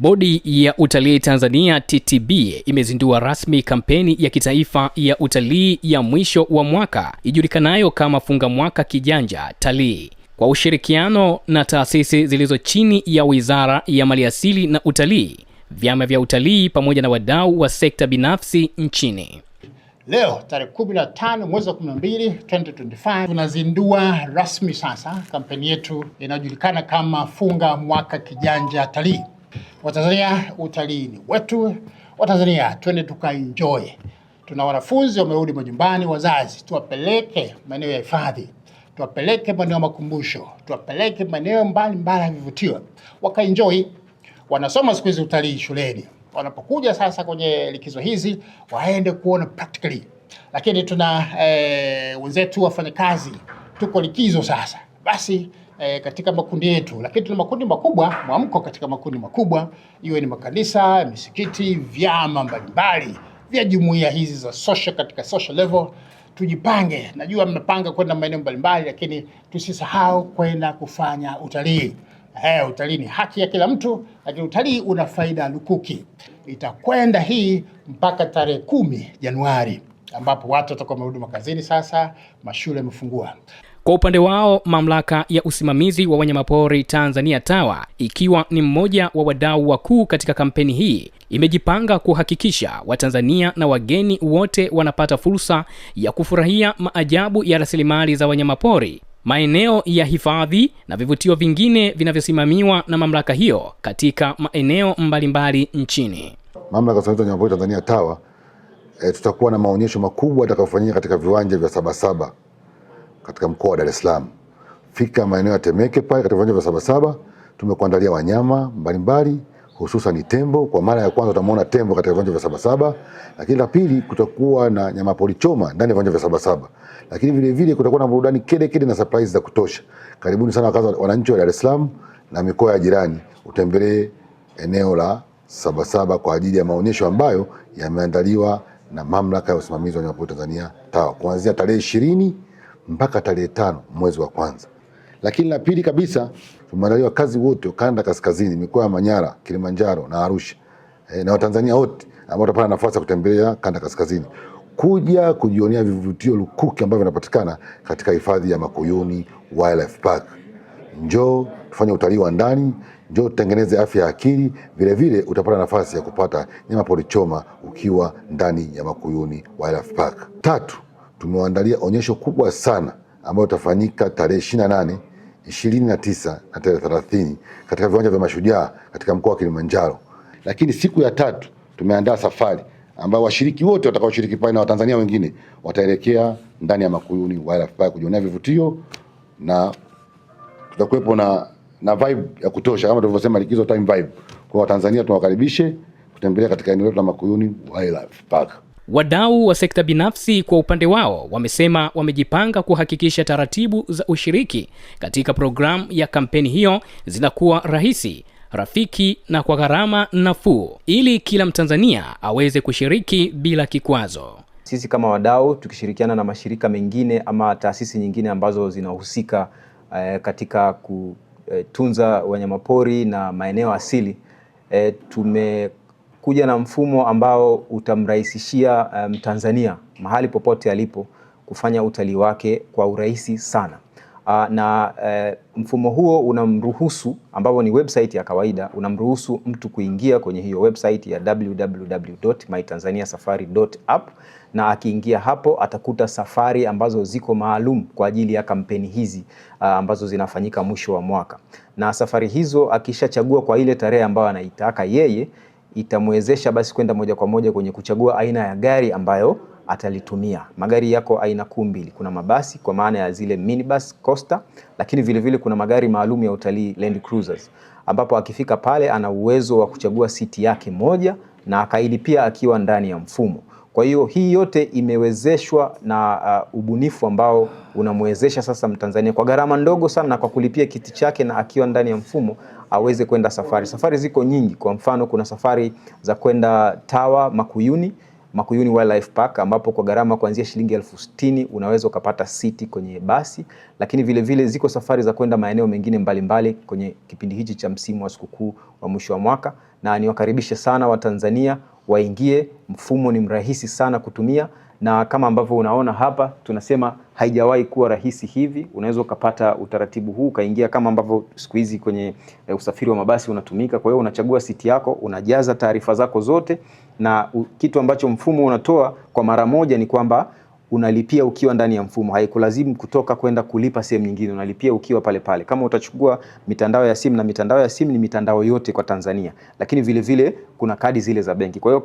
Bodi ya Utalii Tanzania TTB imezindua rasmi kampeni ya kitaifa ya utalii ya mwisho wa mwaka ijulikanayo kama Funga Mwaka Kijanja Talii kwa ushirikiano na taasisi zilizo chini ya Wizara ya Maliasili na Utalii, vyama vya utalii pamoja na wadau wa sekta binafsi nchini. Leo tarehe 15 mwezi wa 12 2025, tunazindua rasmi sasa kampeni yetu inayojulikana kama Funga Mwaka Kijanja Talii. Watanzania, utalii ni wetu. Watanzania, twende tukaenjoy. Tuna wanafunzi wamerudi majumbani, wazazi, tuwapeleke maeneo ya hifadhi, tuwapeleke maeneo ya makumbusho, tuwapeleke maeneo mbalimbali ya vivutio, wakaenjoy. Wanasoma siku hizi utalii shuleni, wanapokuja sasa kwenye likizo hizi waende kuona practically. Lakini tuna eh, wenzetu wafanyakazi, tuko likizo sasa, basi eh, katika makundi yetu, lakini tuna makundi makubwa, mwamko katika makundi makubwa, iwe ni makanisa, misikiti, vyama mbalimbali vya jumuiya hizi za social, katika social level tujipange. Najua mmepanga kwenda maeneo mbalimbali, lakini tusisahau kwenda kufanya utalii. He, utalii ni haki ya kila mtu, lakini utalii una faida lukuki. Itakwenda hii mpaka tarehe kumi Januari ambapo watu watakuwa wamerudi makazini sasa, mashule yamefungua. Kwa upande wao, mamlaka ya usimamizi wa wanyamapori Tanzania TAWA, ikiwa ni mmoja wa wadau wakuu katika kampeni hii, imejipanga kuhakikisha Watanzania na wageni wote wanapata fursa ya kufurahia maajabu ya rasilimali za wanyamapori maeneo ya hifadhi na vivutio vingine vinavyosimamiwa na mamlaka hiyo katika maeneo mbalimbali mbali nchini. Mamlaka ya wanyamapori Tanzania TAWA, e, eh, tutakuwa na maonyesho makubwa yatakayofanyika katika viwanja vya Sabasaba katika mkoa wa Dar es Salaam. Fika maeneo ya Temeke pale katika viwanja vya Sabasaba, tumekuandalia wanyama mbalimbali hususan ni tembo. Kwa mara ya kwanza utamwona tembo katika viwanja vya Sabasaba, lakini la pili kutakuwa na nyama pori choma ndani ya viwanja vya Sabasaba, lakini vile vile kutakuwa na burudani kede kede na surprise za kutosha. Karibuni sana wakazi wananchi wa Dar es Salaam na mikoa ya jirani, utembelee eneo la Sabasaba kwa ajili ya maonyesho ambayo yameandaliwa na mamlaka ya usimamizi wa wanyamapori Tanzania TAWA kuanzia tarehe ishirini mpaka tarehe tano mwezi wa kwanza. Lakini la pili kabisa tumeandalia wakazi wote kanda kaskazini, mikoa ya Manyara, Kilimanjaro na Arusha e, na Watanzania wote ambao watapata nafasi ya kutembelea kanda kaskazini kuja kujionea vivutio lukuki ambavyo vinapatikana katika hifadhi ya Makuyuni Wildlife Park. Njoo tufanye utalii wa ndani, njoo tutengeneze afya ya akili. Vilevile utapata nafasi ya kupata nyama pori choma ukiwa ndani ya Makuyuni Wildlife Park. Tatu, tumewaandalia onyesho kubwa sana ambayo itafanyika tarehe ishirini na nane ishirini na tisa na tarehe thelathini katika viwanja vya Mashujaa katika mkoa wa Kilimanjaro. Lakini siku ya tatu tumeandaa safari ambayo washiriki wote watakaoshiriki pale na Watanzania wengine wataelekea ndani ya Makuyuni Wildlife Park kujionea vivutio na tutakuwepo na, na vibe ya kutosha kama tulivyosema likizo time vibe. Kwa Watanzania tunawakaribishe kutembelea katika eneo letu la Makuyuni Wildlife Park. Wadau wa sekta binafsi kwa upande wao wamesema wamejipanga kuhakikisha taratibu za ushiriki katika programu ya kampeni hiyo zinakuwa rahisi, rafiki na kwa gharama nafuu ili kila Mtanzania aweze kushiriki bila kikwazo. Sisi kama wadau tukishirikiana na mashirika mengine ama taasisi nyingine ambazo zinahusika eh, katika kutunza eh, wanyamapori na maeneo asili eh, tume kuja na mfumo ambao utamrahisishia Mtanzania um, mahali popote alipo kufanya utalii wake kwa urahisi sana. Uh, na uh, mfumo huo unamruhusu ambapo ni website ya kawaida, unamruhusu mtu kuingia kwenye hiyo website ya www.mytanzaniasafari.app na akiingia hapo atakuta safari ambazo ziko maalum kwa ajili ya kampeni hizi uh, ambazo zinafanyika mwisho wa mwaka, na safari hizo akishachagua kwa ile tarehe ambayo anaitaka yeye itamwezesha basi kwenda moja kwa moja kwenye kuchagua aina ya gari ambayo atalitumia. Magari yako aina kuu mbili, kuna mabasi kwa maana ya zile minibus costa, lakini vilevile vile kuna magari maalum ya utalii Land Cruisers, ambapo akifika pale ana uwezo wa kuchagua siti yake moja na akailipia akiwa ndani ya mfumo. Kwa hiyo hii yote imewezeshwa na uh, ubunifu ambao unamwezesha sasa Mtanzania kwa gharama ndogo sana na kwa kulipia kiti chake na akiwa ndani ya mfumo aweze kwenda safari. Safari ziko nyingi, kwa mfano kuna safari za kwenda Tawa Makuyuni Makuyuni Wildlife Park ambapo kwa gharama kuanzia shilingi elfu sitini unaweza ukapata siti kwenye basi, lakini vilevile vile ziko safari za kwenda maeneo mengine mbalimbali mbali kwenye kipindi hichi cha msimu wa sikukuu wa mwisho wa mwaka, na niwakaribishe sana Watanzania waingie. Mfumo ni mrahisi sana kutumia, na kama ambavyo unaona hapa, tunasema haijawahi kuwa rahisi hivi. Unaweza ukapata utaratibu huu ukaingia, kama ambavyo siku hizi kwenye eh, usafiri wa mabasi unatumika. Kwa hiyo unachagua siti yako, unajaza taarifa zako zote, na kitu ambacho mfumo unatoa kwa mara moja ni kwamba unalipia ukiwa ndani ya mfumo, haikulazimu kutoka kwenda kulipa sehemu nyingine, unalipia ukiwa pale pale. Kama utachukua mitandao ya simu, na mitandao ya simu ni mitandao yote kwa Tanzania, lakini vile vile kuna kadi zile za benki. Kwa hiyo